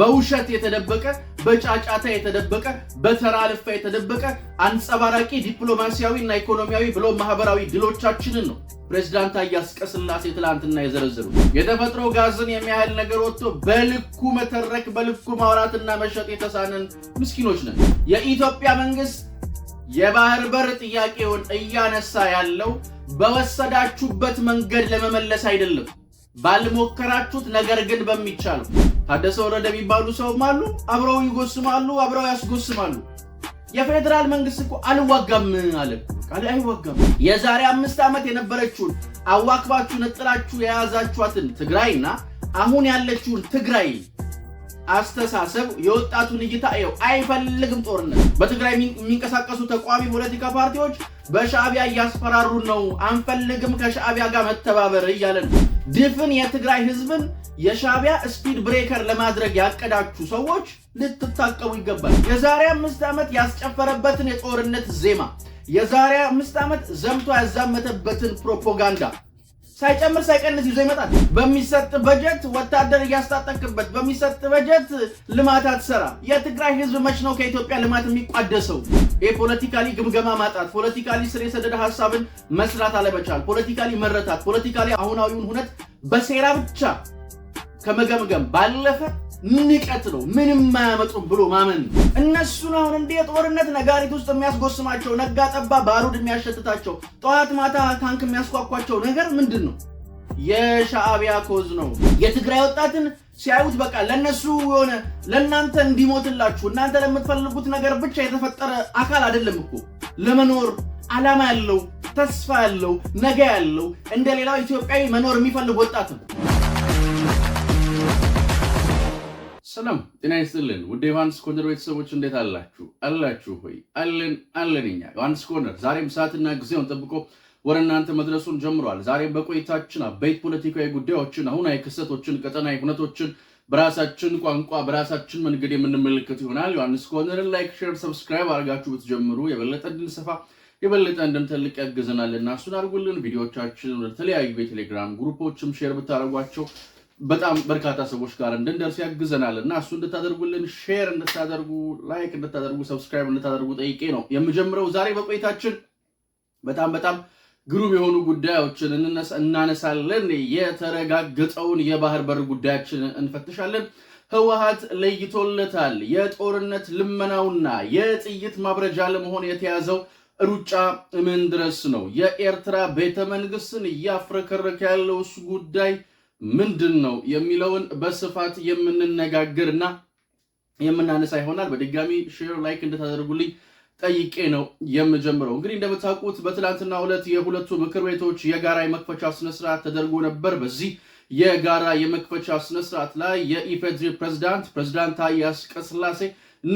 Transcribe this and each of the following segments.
በውሸት የተደበቀ በጫጫታ የተደበቀ በተራ ልፋ የተደበቀ አንጸባራቂ ዲፕሎማሲያዊ እና ኢኮኖሚያዊ ብሎ ማህበራዊ ድሎቻችንን ነው ፕሬዚዳንት አያስ ቀስላሴ ትላንትና የዘረዘሩ። የተፈጥሮ ጋዝን የሚያህል ነገር ወጥቶ በልኩ መተረክ በልኩ ማውራትና መሸጥ የተሳንን ምስኪኖች ነን። የኢትዮጵያ መንግስት የባህር በር ጥያቄውን እያነሳ ያለው በወሰዳችሁበት መንገድ ለመመለስ አይደለም ባልሞከራችሁት ነገር ግን በሚቻለው ታደሰ ወረደ የሚባሉ ሰውም አሉ። አብረው ይጎስማሉ፣ አብረው ያስጎስማሉ። የፌዴራል መንግስት እኮ አልዋጋም አለ ቃል አይዋጋም። የዛሬ አምስት ዓመት የነበረችውን አዋክባችሁ ነጥላችሁ የያዛችኋትን ትግራይና አሁን ያለችውን ትግራይ አስተሳሰብ የወጣቱን እይታ ይኸው አይፈልግም ጦርነት። በትግራይ የሚንቀሳቀሱ ተቋሚ ፖለቲካ ፓርቲዎች በሻዕቢያ እያስፈራሩ ነው፣ አንፈልግም ከሻዕቢያ ጋር መተባበር እያለ ነው። ድፍን የትግራይ ህዝብን የሻቢያ ስፒድ ብሬከር ለማድረግ ያቀዳችሁ ሰዎች ልትታቀቡ ይገባል። የዛሬ አምስት ዓመት ያስጨፈረበትን የጦርነት ዜማ፣ የዛሬ አምስት ዓመት ዘምቶ ያዛመተበትን ፕሮፓጋንዳ ሳይጨምር ሳይቀንስ ይዞ ይመጣል። በሚሰጥ በጀት ወታደር እያስታጠቅበት፣ በሚሰጥ በጀት ልማት አትሰራ። የትግራይ ህዝብ መች ነው ከኢትዮጵያ ልማት የሚቋደሰው? ይህ ፖለቲካሊ ግምገማ ማጣት፣ ፖለቲካሊ ስር የሰደደ ሀሳብን መስራት አለመቻል፣ ፖለቲካሊ መረታት፣ ፖለቲካሊ አሁናዊውን ሁነት በሴራ ብቻ ከመገምገም ባለፈ ንቀት ነው፣ ምንም አያመጡም ብሎ ማመን። እነሱን አሁን እንደ የጦርነት ነጋሪት ውስጥ የሚያስጎስማቸው ነጋ ጠባ ባሩድ የሚያሸትታቸው ጠዋት ማታ ታንክ የሚያስኳኳቸው ነገር ምንድን ነው? የሻዕቢያ ኮዝ ነው። የትግራይ ወጣትን ሲያዩት በቃ ለእነሱ የሆነ ለእናንተ እንዲሞትላችሁ እናንተ ለምትፈልጉት ነገር ብቻ የተፈጠረ አካል አይደለም እኮ ለመኖር ዓላማ ያለው ተስፋ ያለው ነገ ያለው እንደ ሌላው ኢትዮጵያዊ መኖር የሚፈልግ ወጣት ነው። ሰላም ጤና ይስጥልን ውድ ዮሐንስ ኮርነር ቤተሰቦች እንዴት አላችሁ? አላችሁ ሆይ አለን አለን። እኛ ዮሐንስ ኮርነር ዛሬም ሰዓትና ጊዜውን ጠብቆ ወደ እናንተ መድረሱን ጀምሯል። ዛሬም በቆይታችን አበይት ፖለቲካዊ ጉዳዮችን፣ አሁናዊ ክስተቶችን፣ ቀጠናዊ ሁነቶችን በራሳችን ቋንቋ በራሳችን መንገድ የምንመለከት ይሆናል። ዮሐንስ ኮርነርን ላይክ፣ ሼር፣ ሰብስክራይብ አድርጋችሁ ብትጀምሩ የበለጠ እንድንሰፋ የበለጠ እንድንተልቅ ያግዘናል እና እሱን አድርጉልን። ቪዲዮዎቻችን ወደ ተለያዩ የቴሌግራም ግሩፖችም ሼር ብታደርጓቸው በጣም በርካታ ሰዎች ጋር እንድንደርስ ያግዘናል እና እሱ እንድታደርጉልን ሼር እንድታደርጉ፣ ላይክ እንድታደርጉ፣ ሰብስክራይብ እንድታደርጉ ጠይቄ ነው የምጀምረው። ዛሬ በቆይታችን በጣም በጣም ግሩም የሆኑ ጉዳዮችን እናነሳለን። የተረጋገጠውን የባህር በር ጉዳያችን እንፈትሻለን። ህወሓት ለይቶለታል። የጦርነት ልመናውና የጥይት ማብረጃ ለመሆን የተያዘው ሩጫ ምን ድረስ ነው? የኤርትራ ቤተ መንግስትን እያፍረከረከ ያለው ጉዳይ ምንድን ነው የሚለውን በስፋት የምንነጋገርና የምናነሳ ይሆናል። በድጋሚ ሼር ላይክ እንድታደርጉልኝ ጠይቄ ነው የምጀምረው። እንግዲህ እንደምታውቁት በትናንትና ዕለት የሁለቱ ምክር ቤቶች የጋራ የመክፈቻ ስነስርዓት ተደርጎ ነበር። በዚህ የጋራ የመክፈቻ ስነስርዓት ላይ የኢፌድሪ ፕሬዝዳንት ፕሬዝዳንት አያስ ቀስላሴ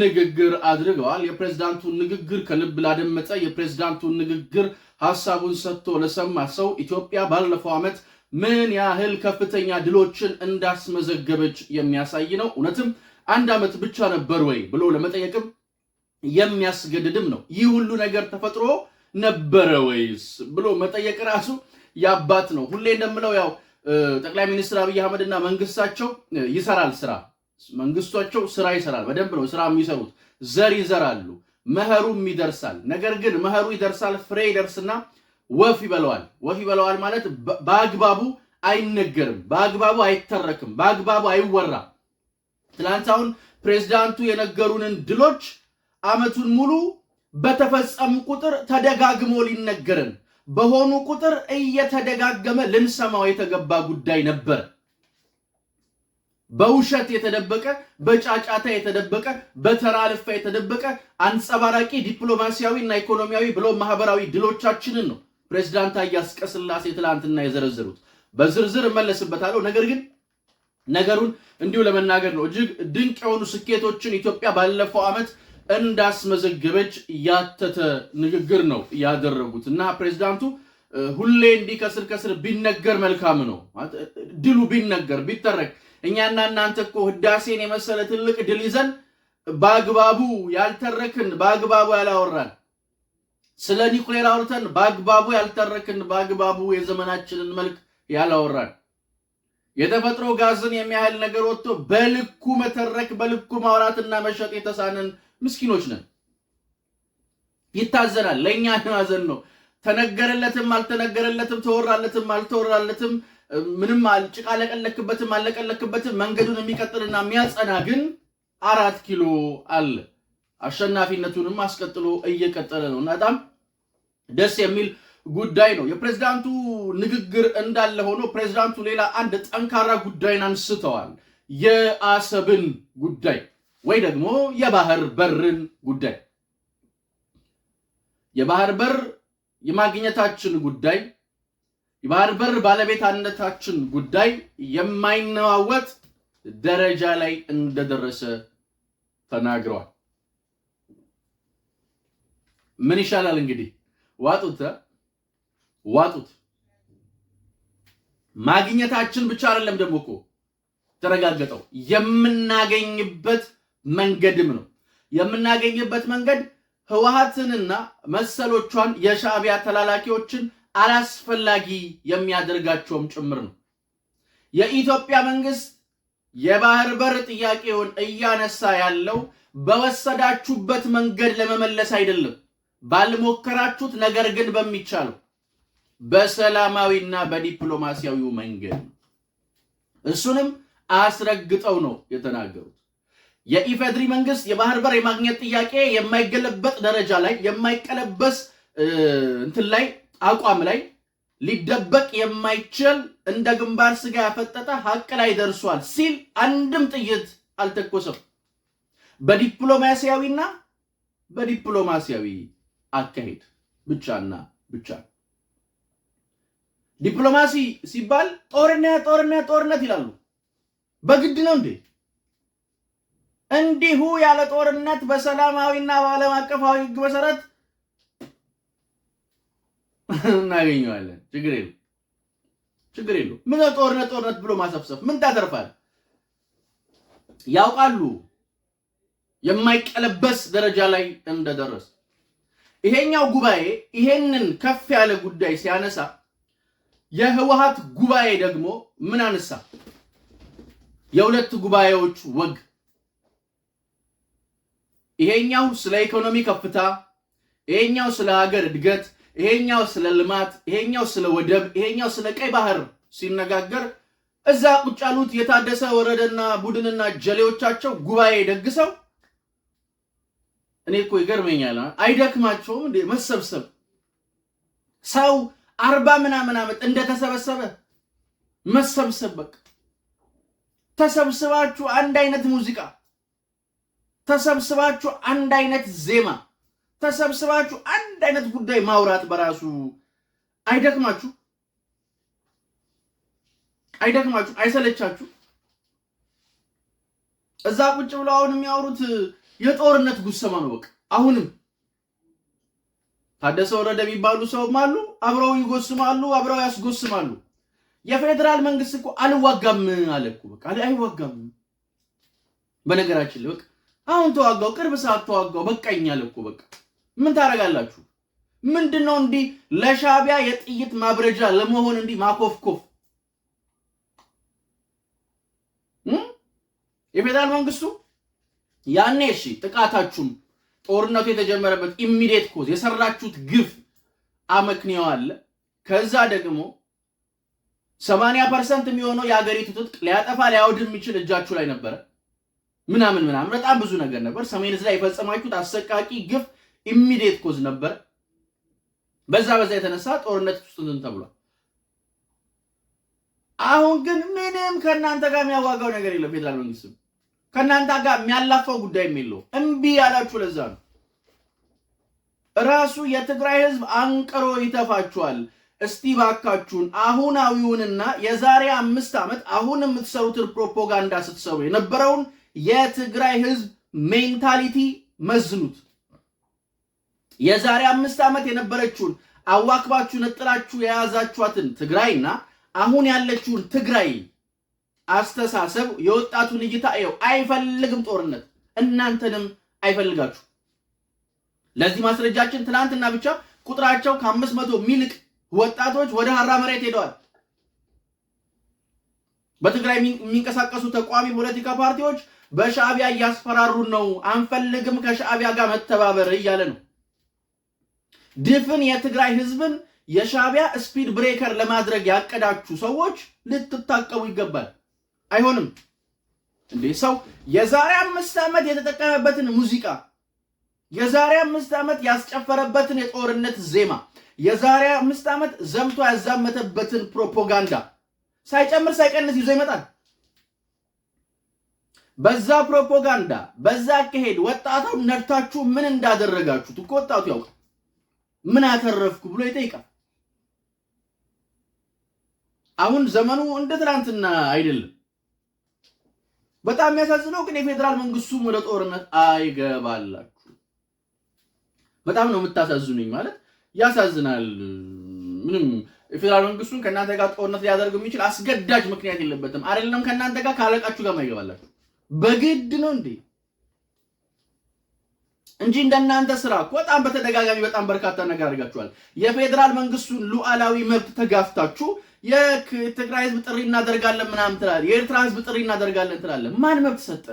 ንግግር አድርገዋል። የፕሬዝዳንቱን ንግግር ከልብ ላደመጠ የፕሬዝዳንቱን ንግግር ሀሳቡን ሰጥቶ ለሰማ ሰው ኢትዮጵያ ባለፈው ዓመት ምን ያህል ከፍተኛ ድሎችን እንዳስመዘገበች የሚያሳይ ነው። እውነትም አንድ ዓመት ብቻ ነበር ወይ ብሎ ለመጠየቅም የሚያስገድድም ነው። ይህ ሁሉ ነገር ተፈጥሮ ነበረ ወይስ ብሎ መጠየቅ ራሱ ያባት ነው። ሁሌ እንደምለው ያው ጠቅላይ ሚኒስትር አብይ አህመድና መንግስታቸው ይሰራል ስራ መንግስቷቸው ስራ ይሰራል። በደንብ ነው ስራ የሚሰሩት። ዘር ይዘራሉ፣ መኸሩም ይደርሳል። ነገር ግን መኸሩ ይደርሳል፣ ፍሬ ይደርስና ወፍ ይበለዋል። ወፍ ይበለዋል ማለት በአግባቡ አይነገርም፣ በአግባቡ አይተረክም፣ በአግባቡ አይወራም። ትላንት አሁን ፕሬዝዳንቱ የነገሩንን ድሎች አመቱን ሙሉ በተፈጸሙ ቁጥር ተደጋግሞ ሊነገርን በሆኑ ቁጥር እየተደጋገመ ልንሰማው የተገባ ጉዳይ ነበር። በውሸት የተደበቀ በጫጫታ የተደበቀ በተራ ልፋ የተደበቀ አንጸባራቂ ዲፕሎማሲያዊ እና ኢኮኖሚያዊ ብሎ ማህበራዊ ድሎቻችንን ነው ፕሬዚዳንት አያስ ቀስላሴ ትላንትና የዘረዘሩት በዝርዝር እመለስበታለሁ። ነገር ግን ነገሩን እንዲሁ ለመናገር ነው። እጅግ ድንቅ የሆኑ ስኬቶችን ኢትዮጵያ ባለፈው ዓመት እንዳስመዘገበች ያተተ ንግግር ነው ያደረጉት እና ፕሬዚዳንቱ ሁሌ እንዲህ ከስር ከስር ቢነገር መልካም ነው። ድሉ ቢነገር ቢተረክ፣ እኛና እናንተ እኮ ህዳሴን የመሰለ ትልቅ ድል ይዘን በአግባቡ ያልተረክን በአግባቡ ያላወራን ስለ ኒውክሌር አውርተን በአግባቡ ያልተረክን፣ በአግባቡ የዘመናችንን መልክ ያላወራን የተፈጥሮ ጋዝን የሚያህል ነገር ወጥቶ በልኩ መተረክ በልኩ ማውራትና መሸጥ የተሳንን ምስኪኖች ነን። ይታዘናል። ለእኛ ማዘን ነው። ተነገረለትም አልተነገረለትም፣ ተወራለትም አልተወራለትም፣ ምንም ጭቃ ለቀለክበትም አለቀለክበትም መንገዱን የሚቀጥልና የሚያጸና ግን አራት ኪሎ አለ። አሸናፊነቱንም አስቀጥሎ እየቀጠለ ነው እና በጣም ደስ የሚል ጉዳይ ነው። የፕሬዝዳንቱ ንግግር እንዳለ ሆኖ ፕሬዝዳንቱ ሌላ አንድ ጠንካራ ጉዳይን አንስተዋል። የአሰብን ጉዳይ ወይ ደግሞ የባህር በርን ጉዳይ የባህር በር የማግኘታችን ጉዳይ የባህር በር ባለቤትነታችን ጉዳይ የማይነዋወጥ ደረጃ ላይ እንደደረሰ ተናግረዋል። ምን ይሻላል እንግዲህ ዋጡት ዋጡት። ማግኘታችን ብቻ አይደለም ደግሞ እኮ ተረጋገጠው የምናገኝበት መንገድም ነው። የምናገኝበት መንገድ ህወሓትንና መሰሎቿን የሻዕቢያ ተላላኪዎችን አላስፈላጊ የሚያደርጋቸውም ጭምር ነው። የኢትዮጵያ መንግስት የባህር በር ጥያቄውን እያነሳ ያለው በወሰዳችሁበት መንገድ ለመመለስ አይደለም ባልሞከራችሁት ነገር ግን በሚቻለው በሰላማዊና በዲፕሎማሲያዊው መንገድ ነው። እሱንም አስረግጠው ነው የተናገሩት። የኢፌድሪ መንግስት የባህር በር የማግኘት ጥያቄ የማይገለበጥ ደረጃ ላይ የማይቀለበስ እንትን ላይ አቋም ላይ ሊደበቅ የማይችል እንደ ግንባር ስጋ ያፈጠጠ ሀቅ ላይ ደርሷል ሲል አንድም ጥይት አልተኮሰም። በዲፕሎማሲያዊና በዲፕሎማሲያዊ አካሄድ ብቻና ብቻ። ዲፕሎማሲ ሲባል ጦርነት ጦርነት ጦርነት ይላሉ። በግድ ነው እንዴ? እንዲሁ ያለ ጦርነት በሰላማዊና በዓለም አቀፋዊ ሕግ መሰረት እናገኘዋለን። ችግር የለም ችግር የለው። ምን ጦርነት ጦርነት ብሎ ማሰብሰብ ምን ታተርፋል? ያውቃሉ የማይቀለበስ ደረጃ ላይ እንደደረስ ይሄኛው ጉባኤ ይሄንን ከፍ ያለ ጉዳይ ሲያነሳ የህወሓት ጉባኤ ደግሞ ምን አነሳ? የሁለት ጉባኤዎች ወግ። ይሄኛው ስለ ኢኮኖሚ ከፍታ፣ ይሄኛው ስለ ሀገር እድገት፣ ይሄኛው ስለ ልማት፣ ይሄኛው ስለ ወደብ፣ ይሄኛው ስለ ቀይ ባህር ሲነጋገር እዛ ቁጭ ያሉት የታደሰ ወረደና ቡድንና ጀሌዎቻቸው ጉባኤ ደግሰው እኔ እኮ ይገርመኛል። አይደክማቸውም እንዴ መሰብሰብ? ሰው አርባ ምናምን ዓመት እንደተሰበሰበ መሰብሰብ በቃ ተሰብስባችሁ አንድ አይነት ሙዚቃ፣ ተሰብስባችሁ አንድ አይነት ዜማ፣ ተሰብስባችሁ አንድ አይነት ጉዳይ ማውራት በራሱ አይደክማችሁ? አይደክማችሁ? አይሰለቻችሁ? እዛ ቁጭ ብለው አሁን የሚያወሩት የጦርነት ጉሰማ ነው። በቃ አሁንም ታደሰ ወረደ የሚባሉ ሰውም አሉ፣ አብረው ይጎስማሉ፣ አብረው ያስጎስማሉ። የፌዴራል መንግስት እኮ አልዋጋም አለ እኮ በቃ አይዋጋም። በነገራችን ላይ በቃ አሁን ተዋጋው፣ ቅርብ ሰዓት ተዋጋው፣ በቃኝ አለ እኮ በቃ ምን ታደርጋላችሁ? ምንድነው እንዲህ ለሻቢያ የጥይት ማብረጃ ለመሆን እንዲህ ማኮፍኮፍ? የፌዴራል መንግስቱ ያኔ እሺ ጥቃታችሁ ጦርነቱ የተጀመረበት ኢሚዲየት ኮዝ የሰራችሁት ግፍ አመክንያው አለ። ከዛ ደግሞ 80 ፐርሰንት የሚሆነው የአገሪቱ ትጥቅ ሊያጠፋ ሊያወድም የሚችል እጃችሁ ላይ ነበረ። ምናምን ምናምን በጣም ብዙ ነገር ነበር። ሰሜን ላይ የፈጸማችሁት አሰቃቂ ግፍ ኢሚዲየት ኮዝ ነበር። በዛ በዛ የተነሳ ጦርነት ውስጥ እንትን ተብሏል። አሁን ግን ምንም ከእናንተ ጋር የሚያዋጋው ነገር የለም ፌደራል መንግስት ከእናንተ ጋር የሚያላፈው ጉዳይ የሚለው እምቢ ያላችሁ ለዛ ነው። ራሱ የትግራይ ህዝብ አንቅሮ ይተፋችኋል። እስቲ ባካችሁን አሁናዊውንና የዛሬ አምስት ዓመት አሁን የምትሰሩትን ፕሮፓጋንዳ ስትሰሩ የነበረውን የትግራይ ህዝብ ሜንታሊቲ መዝኑት። የዛሬ አምስት ዓመት የነበረችውን አዋክባችሁ ነጥላችሁ የያዛችኋትን ትግራይና አሁን ያለችውን ትግራይ አስተሳሰብ የወጣቱን እይታ ይኸው አይፈልግም ጦርነት፣ እናንተንም አይፈልጋችሁ። ለዚህ ማስረጃችን ትናንትና ብቻ ቁጥራቸው ከአምስት መቶ ሚልቅ ወጣቶች ወደ ሀራ መሬት ሄደዋል። በትግራይ የሚንቀሳቀሱ ተቋሚ ፖለቲካ ፓርቲዎች በሻዕቢያ እያስፈራሩን ነው፣ አንፈልግም ከሻዕቢያ ጋር መተባበር እያለ ነው። ድፍን የትግራይ ህዝብን የሻዕቢያ ስፒድ ብሬከር ለማድረግ ያቀዳችሁ ሰዎች ልትታቀቡ ይገባል። አይሆንም እንዴ! ሰው የዛሬ አምስት ዓመት የተጠቀመበትን ሙዚቃ የዛሬ አምስት ዓመት ያስጨፈረበትን የጦርነት ዜማ የዛሬ አምስት ዓመት ዘምቶ ያዛመተበትን ፕሮፖጋንዳ ሳይጨምር ሳይቀንስ ይዞ ይመጣል። በዛ ፕሮፖጋንዳ በዛ አካሄድ ወጣቱ ነድታችሁ ምን እንዳደረጋችሁት እኮ ወጣቱ ያውቃል። ምን አተረፍኩ ብሎ ይጠይቃል። አሁን ዘመኑ እንደ ትናንትና አይደለም። በጣም የሚያሳዝነው ግን የፌዴራል መንግስቱም ወደ ጦርነት አይገባላችሁ። በጣም ነው የምታሳዝኑኝ። ማለት ያሳዝናል። ምንም የፌዴራል መንግስቱን ከእናንተ ጋር ጦርነት ሊያደርግ የሚችል አስገዳጅ ምክንያት የለበትም። አይደለም ከእናንተ ጋር ካለቃችሁ ጋር ማይገባላችሁ በግድ ነው እንዴ እንጂ እንደናንተ ስራ እኮ በጣም በተደጋጋሚ በጣም በርካታ ነገር አድርጋችኋል። የፌዴራል መንግስቱን ሉዓላዊ መብት ተጋፍታችሁ የትግራይ ህዝብ ጥሪ እናደርጋለን ምናምን ትላለህ፣ የኤርትራ ህዝብ ጥሪ እናደርጋለን ትላለህ። ማን መብት ሰጠ?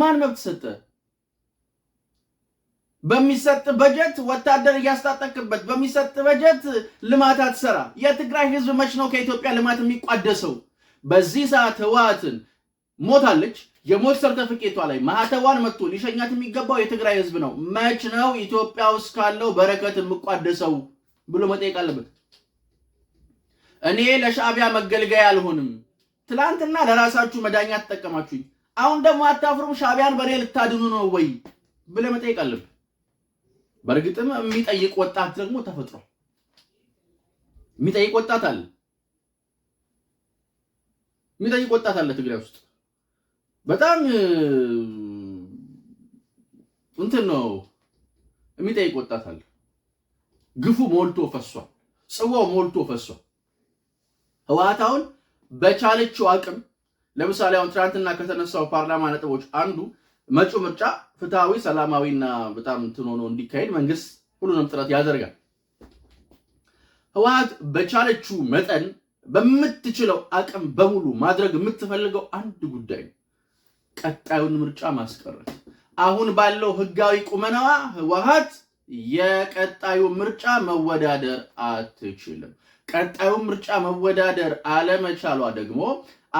ማን መብት ሰጠ? በሚሰጥ በጀት ወታደር እያስታጠቅበት በሚሰጥ በጀት ልማት አትሰራ። የትግራይ ህዝብ መች ነው ከኢትዮጵያ ልማት የሚቋደሰው? በዚህ ሰዓት ህወሓትን ሞታለች። የሞት ሰርተፍኬቷ ላይ ማህተቧን መጥቶ ሊሸኛት የሚገባው የትግራይ ህዝብ ነው። መች ነው ኢትዮጵያ ውስጥ ካለው በረከት የምቋደሰው ብሎ መጠየቅ አለበት። እኔ ለሻዕቢያ መገልገያ አልሆንም። ትላንትና ለራሳችሁ መዳኛ ተጠቀማችሁኝ። አሁን ደግሞ አታፍሩም? ሻዕቢያን በእኔ ልታድኑ ነው ወይ ብለህ መጠየቅ አለብህ። በእርግጥም የሚጠይቅ ወጣት ደግሞ ተፈጥሮ የሚጠይቅ ወጣት አለ፣ የሚጠይቅ ወጣት አለ ትግራይ ውስጥ በጣም እንትን ነው የሚጠይቅ ወጣት አለ። ግፉ ሞልቶ ፈሷል፣ ጽዋው ሞልቶ ፈሷል። ህወሓት አሁን በቻለችው አቅም ለምሳሌ አሁን ትናንትና ከተነሳው ፓርላማ ነጥቦች አንዱ መጪው ምርጫ ፍትሐዊ፣ ሰላማዊና በጣም እንትን ሆኖ እንዲካሄድ መንግስት ሁሉንም ጥረት ያደርጋል። ህወሓት በቻለችው መጠን በምትችለው አቅም በሙሉ ማድረግ የምትፈልገው አንድ ጉዳይ ነው፣ ቀጣዩን ምርጫ ማስቀረት። አሁን ባለው ህጋዊ ቁመናዋ ህወሓት የቀጣዩ ምርጫ መወዳደር አትችልም። ቀጣዩን ምርጫ መወዳደር አለመቻሏ ደግሞ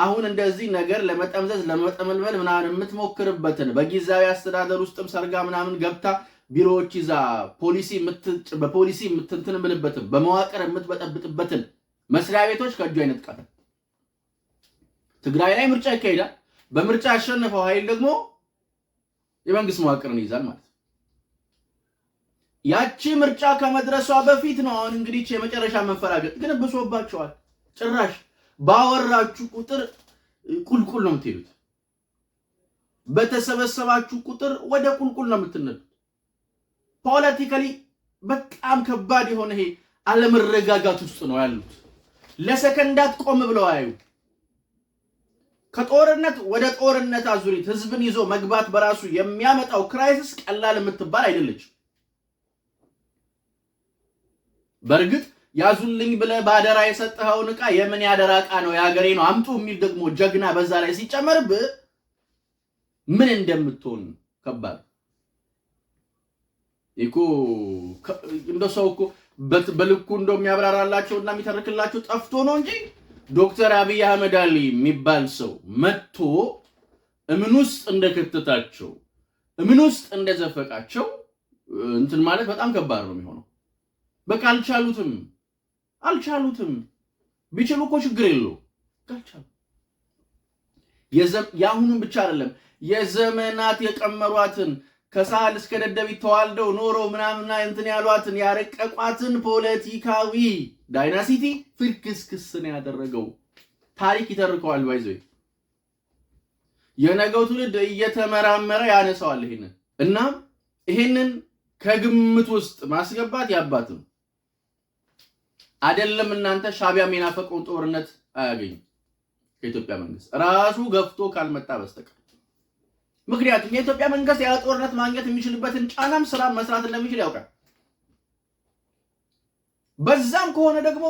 አሁን እንደዚህ ነገር ለመጠምዘዝ ለመጠመልመል ምናምን የምትሞክርበትን በጊዜያዊ አስተዳደር ውስጥም ሰርጋ ምናምን ገብታ ቢሮዎች ይዛ በፖሊሲ የምትንትን ምልበትን በመዋቅር የምትበጠብጥበትን መስሪያ ቤቶች ከእጁ አይነጥቃትም። ትግራይ ላይ ምርጫ ይካሄዳል። በምርጫ ያሸነፈው ኃይል ደግሞ የመንግስት መዋቅርን ይይዛል ማለት ነው። ያቺ ምርጫ ከመድረሷ በፊት ነው። አሁን እንግዲህ የመጨረሻ መፈራገጥ ግን ብሶባቸዋል። ጭራሽ ባወራችሁ ቁጥር ቁልቁል ነው የምትሄዱት። በተሰበሰባችሁ ቁጥር ወደ ቁልቁል ነው የምትነዱት። ፖለቲካሊ በጣም ከባድ የሆነ ይሄ አለመረጋጋት ውስጥ ነው ያሉት። ለሰከንዳት ቆም ብለው አዩ። ከጦርነት ወደ ጦርነት አዙሪት ህዝብን ይዞ መግባት በራሱ የሚያመጣው ክራይሲስ ቀላል የምትባል አይደለችም። በእርግጥ ያዙልኝ ብለህ በአደራ የሰጠኸውን ዕቃ የምን ያደራ ዕቃ ነው? የሀገሬ ነው አምጡ የሚል ደግሞ ጀግና በዛ ላይ ሲጨመርብህ ምን እንደምትሆን ከባድ እኮ። እንደ ሰው እኮ በልኩ እንደው የሚያብራራላቸው እና የሚተርክላቸው ጠፍቶ ነው እንጂ ዶክተር አብይ አህመድ አሊ የሚባል ሰው መጥቶ እምን ውስጥ እንደከተታቸው እምን ውስጥ እንደዘፈቃቸው እንትን ማለት በጣም ከባድ ነው የሚሆነው። በቃ አልቻሉትም አልቻሉትም። ቢችሉ እኮ ችግር የለው አልቻሉ። የአሁኑን ብቻ አይደለም የዘመናት የቀመሯትን ከሳህል እስከ ደደቢት ተዋልደው ኖሮ ምናምና እንትን ያሏትን ያረቀቋትን ፖለቲካዊ ዳይናሲቲ ፍርክስክስን ያደረገው ታሪክ ይተርከዋል። ባይዘ የነገው ትውልድ እየተመራመረ ያነሳዋል ይሄንን እና ይሄንን ከግምት ውስጥ ማስገባት ያባትም አይደለም እናንተ ሻቢያ የሚናፈቀውን ጦርነት አያገኝም ከኢትዮጵያ መንግስት ራሱ ገፍቶ ካልመጣ በስተቀር ምክንያቱም የኢትዮጵያ መንግስት ያለ ጦርነት ማግኘት የሚችልበትን ጫናም ስራ መስራት እንደሚችል ያውቃል። በዛም ከሆነ ደግሞ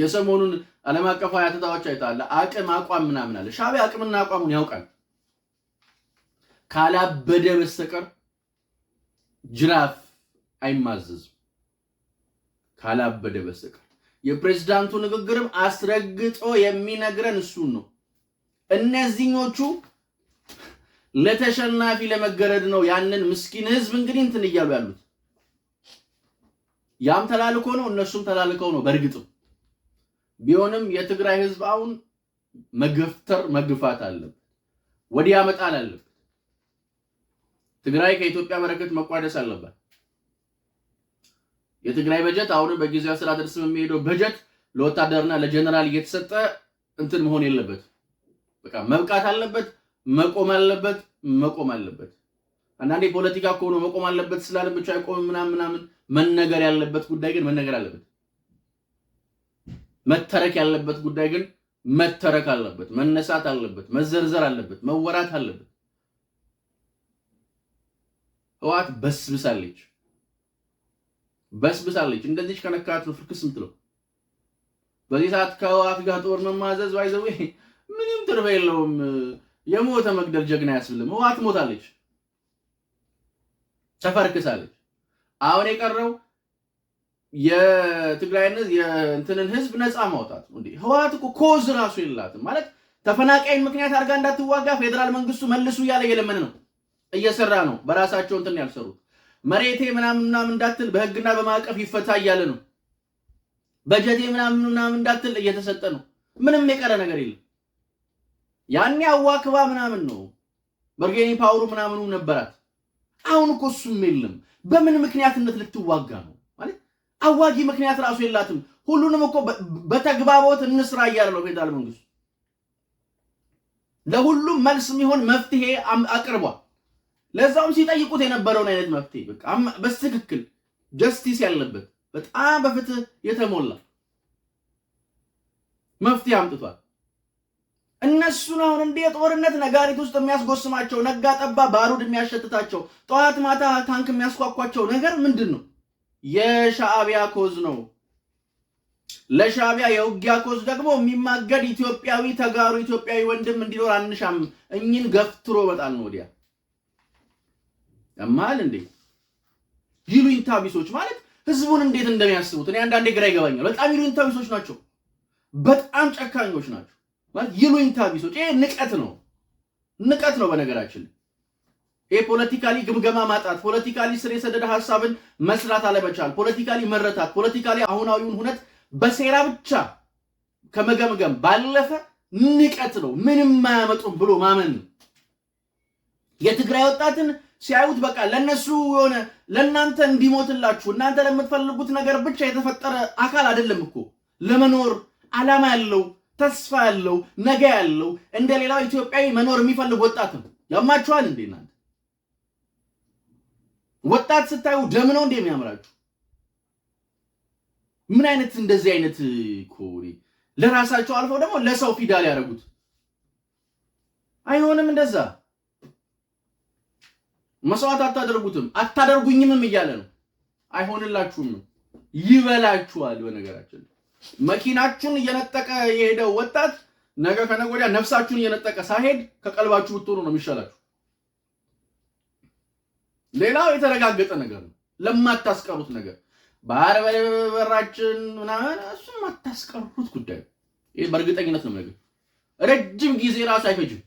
የሰሞኑን ዓለም አቀፋዊ አተታዎች አይታለ አቅም አቋም ምናምን አለ። ሻቢያ አቅምና አቋሙን ያውቃል። ካላበደ በስተቀር ጅራፍ አይማዘዝም ካላበደ በስተቀር። የፕሬዝዳንቱ ንግግርም አስረግጦ የሚነግረን እሱን ነው። እነዚህኞቹ ለተሸናፊ ለመገረድ ነው ያንን ምስኪን ህዝብ እንግዲህ እንትን እያሉ ያሉት። ያም ተላልኮ ነው እነሱም ተላልከው ነው። በእርግጥም ቢሆንም የትግራይ ህዝብ አሁን መገፍተር መግፋት አለበት፣ ወዲያ መጣል አለበት። ትግራይ ከኢትዮጵያ በረከት መቋደስ አለባት። የትግራይ በጀት አሁንም በጊዜያዊ አስተዳደር ስም የሚሄደው በጀት ለወታደርና ለጀነራል እየተሰጠ እንትን መሆን የለበት። በቃ መብቃት አለበት፣ መቆም አለበት፣ መቆም አለበት። አንዳንዴ ፖለቲካ ከሆነ መቆም አለበት ስላለን ብቻ አይቆምም ምናምን ምናምን። መነገር ያለበት ጉዳይ ግን መነገር አለበት። መተረክ ያለበት ጉዳይ ግን መተረክ አለበት፣ መነሳት አለበት፣ መዘርዘር አለበት፣ መወራት አለበት። ህወሓት በስብሳለች። በስብሳለች። እንደዚህ ከነካት ነው ፍርክስ ምትለው። በዚህ ሰዓት ከህወሓት ጋር ጦር መማዘዝ ባይዘዌ ምንም ትርፍ የለውም። የሞተ መግደል ጀግና አያስብልም። ህወሓት ሞታለች፣ ተፈርክሳለች። አሁን የቀረው የትግራይነት የእንትንን ህዝብ ነፃ ማውጣት ነው። እንዴ ህወሓት እኮ ኮዝ ራሱ የላትም ማለት ተፈናቃይን ምክንያት አድርጋ እንዳትዋጋ ፌዴራል መንግስቱ መልሱ እያለ እየለመነ ነው፣ እየሰራ ነው። በራሳቸው እንትን ያልሰሩት መሬቴ ምናምን ምናምን እንዳትል በህግና በማዕቀፍ ይፈታ እያለ ነው። በጀቴ ምናምን ምናምን እንዳትል እየተሰጠ ነው። ምንም የቀረ ነገር የለም። ያኔ አዋክባ ምናምን ነው በርጌኒ ፓውሩ ምናምኑ ነበራት። አሁን እኮ እሱም የለም። በምን ምክንያትነት ልትዋጋ ነው ማለት አዋጊ ምክንያት ራሱ የላትም። ሁሉንም እኮ በተግባቦት እንስራ እያለ ነው ፌዴራል መንግስቱ። ለሁሉም መልስ የሚሆን መፍትሄ አቅርቧል። ለዛውም ሲጠይቁት የነበረውን አይነት መፍትሄ በቃ በትክክል ጀስቲስ ያለበት በጣም በፍትህ የተሞላ መፍትሄ አምጥቷል። እነሱን አሁን እንደ የጦርነት ነጋሪት ውስጥ የሚያስጎስማቸው ነጋ ጠባ ባሩድ የሚያሸትታቸው ጠዋት ማታ ታንክ የሚያስኳኳቸው ነገር ምንድን ነው? የሻዕቢያ ኮዝ ነው። ለሻዕቢያ የውጊያ ኮዝ ደግሞ የሚማገድ ኢትዮጵያዊ ተጋሩ ኢትዮጵያዊ ወንድም እንዲኖር አንሻም። እኝን ገፍትሮ መጣል ነው ወዲያ ያማል እንዴ ይሉኝታ ቢሶች ማለት ህዝቡን እንዴት እንደሚያስቡት እኔ አንዳንዴ ግራ ይገባኛል። በጣም ይሉኝታ ቢሶች ናቸው። በጣም ጨካኞች ናቸው። ማለት ይሉኝታ ቢሶች ይሄ ንቀት ነው፣ ንቀት ነው። በነገራችን ይሄ ፖለቲካሊ ግምገማ ማጣት፣ ፖለቲካሊ ስር የሰደደ ሀሳብን መስራት አለመቻል፣ ፖለቲካሊ መረታት፣ ፖለቲካሊ አሁናዊውን ሁነት በሴራ ብቻ ከመገምገም ባለፈ ንቀት ነው። ምንም አያመጡም ብሎ ማመን የትግራይ ወጣትን ሲያዩት በቃ ለነሱ የሆነ ለእናንተ እንዲሞትላችሁ እናንተ ለምትፈልጉት ነገር ብቻ የተፈጠረ አካል አይደለም እኮ ለመኖር ዓላማ ያለው ተስፋ ያለው ነገ ያለው እንደ ሌላው ኢትዮጵያዊ መኖር የሚፈልግ ወጣት ነው። ያማችኋል እንዴ እናንተ? ወጣት ስታዩ ደም ነው እንዴ የሚያምራችሁ? ምን አይነት እንደዚህ አይነት እኮ ለራሳቸው አልፈው ደግሞ ለሰው ፊዳል ያደረጉት አይሆንም እንደዛ መስዋዕት አታደርጉትም አታደርጉኝምም እያለ ነው። አይሆንላችሁም ነው ይበላችኋል። በነገራችን መኪናችሁን እየነጠቀ የሄደ ወጣት ነገ ከነገ ወዲያ ነፍሳችሁን እየነጠቀ ሳሄድ ከቀልባችሁ ብትሆኑ ነው የሚሻላችሁ። ሌላው የተረጋገጠ ነገር ነው። ለማታስቀሩት ነገር ባህር በራችን ምናምን እሱም አታስቀሩት ጉዳይ ይህ በእርግጠኝነት ነው። ነገር ረጅም ጊዜ ራሱ አይፈጅም።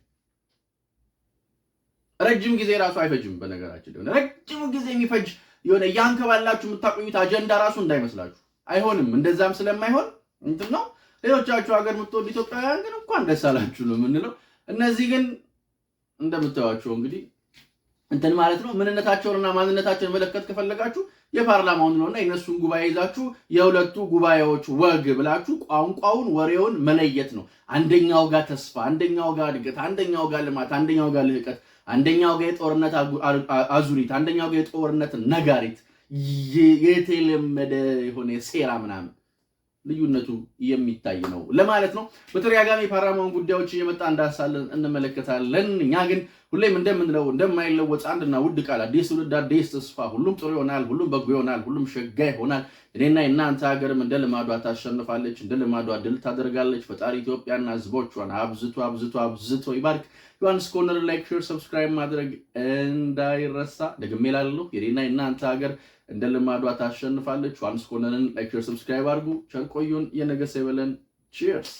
ረጅም ጊዜ ራሱ አይፈጅም። በነገራችን ሊሆነ ረጅም ጊዜ የሚፈጅ የሆነ እያንከባላችሁ የምታቆዩት አጀንዳ ራሱ እንዳይመስላችሁ አይሆንም። እንደዛም ስለማይሆን እንትን ነው። ሌሎቻችሁ ሀገር የምትወዱ ኢትዮጵያውያን ግን እንኳን ደስ አላችሁ ነው የምንለው። እነዚህ ግን እንደምታዩዋቸው እንግዲህ እንትን ማለት ነው። ምንነታቸውንና ማንነታቸውን መለከት ከፈለጋችሁ የፓርላማውን ነውና የነሱን ጉባኤ ይዛችሁ የሁለቱ ጉባኤዎች ወግ ብላችሁ ቋንቋውን፣ ወሬውን መለየት ነው። አንደኛው ጋር ተስፋ፣ አንደኛው ጋር እድገት፣ አንደኛው ጋር ልማት፣ አንደኛው ጋር ልህቀት አንደኛው ጋር የጦርነት አዙሪት፣ አንደኛው ጋር የጦርነት ነጋሪት የተለመደ የሆነ ሴራ ምናምን ልዩነቱ የሚታይ ነው ለማለት ነው። በተደጋጋሚ ፓርላማውን ጉዳዮች እየመጣ እንዳሳለን እንመለከታለን። እኛ ግን ሁሌም እንደምንለው እንደማይለወጥ አንድና ውድ ቃል አዲስ ትውልድ አዲስ ተስፋ፣ ሁሉም ጥሩ ይሆናል፣ ሁሉም በጎ ይሆናል፣ ሁሉም ሸጋ ይሆናል። እኔና የእናንተ ሀገርም እንደ ልማዷ ታሸንፋለች፣ እንደ ልማዷ ድል ታደርጋለች። ፈጣሪ ኢትዮጵያና ሕዝቦቿን አብዝቶ አብዝቶ አብዝቶ ይባርክ። ዮሐንስ ኮርነር ላይክ፣ ሼር፣ ሰብስክራይብ ማድረግ እንዳይረሳ። ደግሜ የኔና የእናንተ ሀገር እንደ ልማዷ ታሸንፋለች። ዮሐንስ ኮነንን ላይክ፣ ሼር፣ ሰብስክራይብ አድርጉ። ቸር ቆዩን። የነገ ሰው ይበለን። ቺርስ